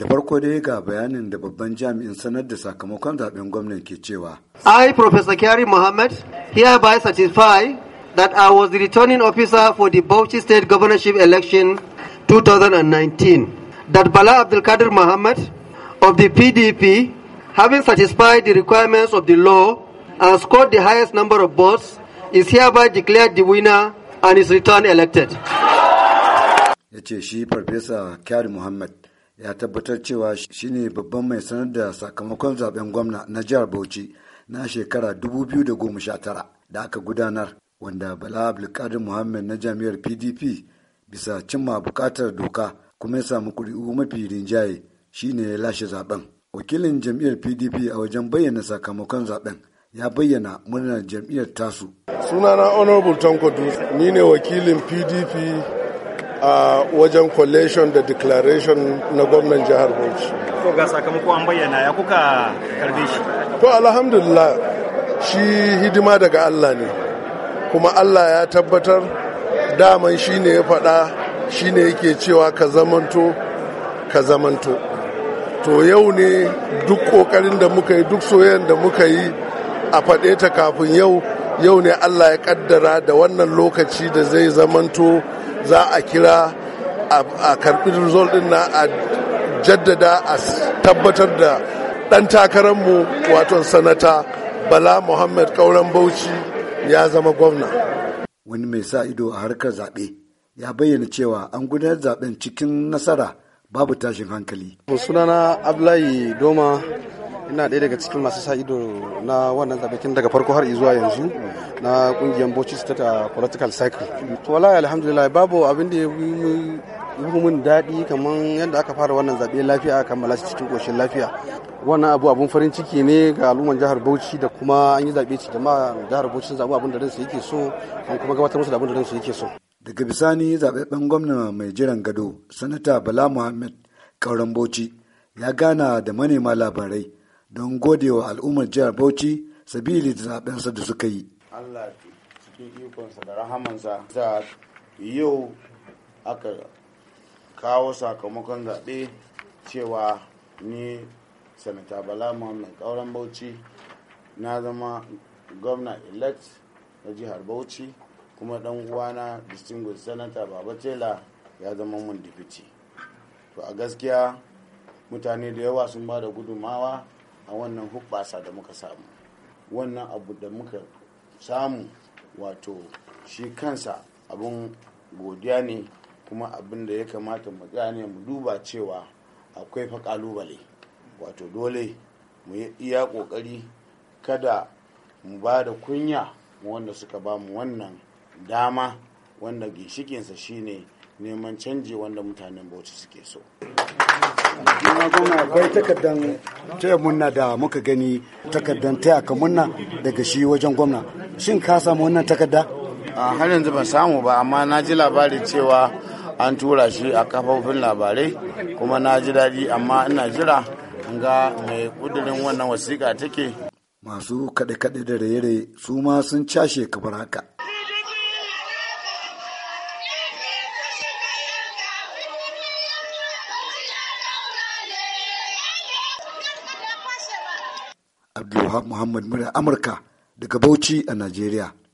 Da farko dai ga bayanin da babban jami'in sanar da sakamakon zaben gwamnan ke cewa. I, Professor Kyari Mohammed, hereby certify that I was the returning officer for the Bauchi State Governorship election 2019. That Bala Abdulkadir Mohammed of the PDP, having satisfied the requirements of the law and scored the highest number of votes, is hereby declared the winner and is returned elected. Ya ce shi Farfesa Kyari Muhammad ya tabbatar cewa shi ne babban mai sanar da sakamakon zaben gwamna na jihar Bauchi na shekara 2019 da aka gudanar wanda Bala Abdulkadir Muhammad na jami'ar PDP bisa cimma bukatar doka kuma ya samu kuri'u mafi rinjaye shi ne ya lashe zaben. Wakilin jam'iyyar PDP a wajen bayyana sakamakon zaben ya bayyana murnar jam'iyyar tasu. Sunana Honorable Tanko ni ne wakilin PDP a wajen collation da declaration na gwamnan jihar Bauchi. To ga sakamako an bayyana ya kuka karbe shi? To alhamdulillah shi hidima daga Allah ne kuma Allah ya tabbatar daman shi ne ya faɗa shi ne yake cewa ka zamanto ka zamanto. To yau ne duk ƙoƙarin da muka yi duk soyayyar da muka yi a faɗe ta kafin yau yau ne Allah ya ƙaddara da wannan lokaci da zai zamanto za a kira a karbi result din na a jaddada a tabbatar da dan takararmu wato sanata bala muhammad kauran bauchi ya zama gwamna wani mai sa ido a harkar zaɓe ya bayyana cewa an gudanar zaɓen cikin nasara babu tashin hankali sunana ablayi doma ina ɗaya daga cikin masu sa ido na wannan zaɓen daga farko har zuwa yanzu na ƙungiyar Bauchi State Political Cycle. To wallahi alhamdulillah babu abin da ya yi mun daɗi kamar yadda aka fara wannan zaɓe lafiya a kammala shi cikin ƙoshin lafiya. Wannan abu abun farin ciki ne ga al'umman jihar Bauchi da kuma an yi zaɓe ci jama'a jihar Bauchi sun zaɓi abin da ransu yake so an kuma gabatar musu da abin da ransu yake so. Daga bisani zaɓaɓɓen gwamna mai jiran gado sanata Bala Muhammad Kauran Bauchi ya gana da manema labarai don godewa al'ummar jihar Bauchi sabili da zaɓensa da suka yi. Allah cikin ikonsa da rahamansa ta yau aka kawo sakamakon zaɓe cewa ni sanata bala muhammad ƙauren bauchi na zama gwamna elect na jihar bauchi kuma ɗan uwana distinguished sanata, baba tela ya zama mun dipiti to a gaskiya mutane da yawa sun ba da gudumawa a wannan hubbasa da muka samu wannan abu da muka samu wato shi kansa abin godiya ne kuma abin da ya kamata mu gane mu duba cewa akwai fa kalubale wato dole mu yi iya kokari kada mu ba da kunya wanda suka ba mu wannan dama wanda ginshikinsa shine neman canji wanda mutanen bauchi suke so akwai takardar taya munna da muka gani takardar taya ka munna daga shi wajen gwamna shin ka samu wannan takarda har yanzu ban samu ba amma na ji labari cewa an tura shi a kafofin labarai kuma na ji daɗi amma ina jira ga mai kudirin wannan wasiƙa take masu kaɗe-kaɗe da raye-raye su ma sun cashe kamar haka Abdulwahab Muhammad muna Amurka daga Bauchi a Najeriya.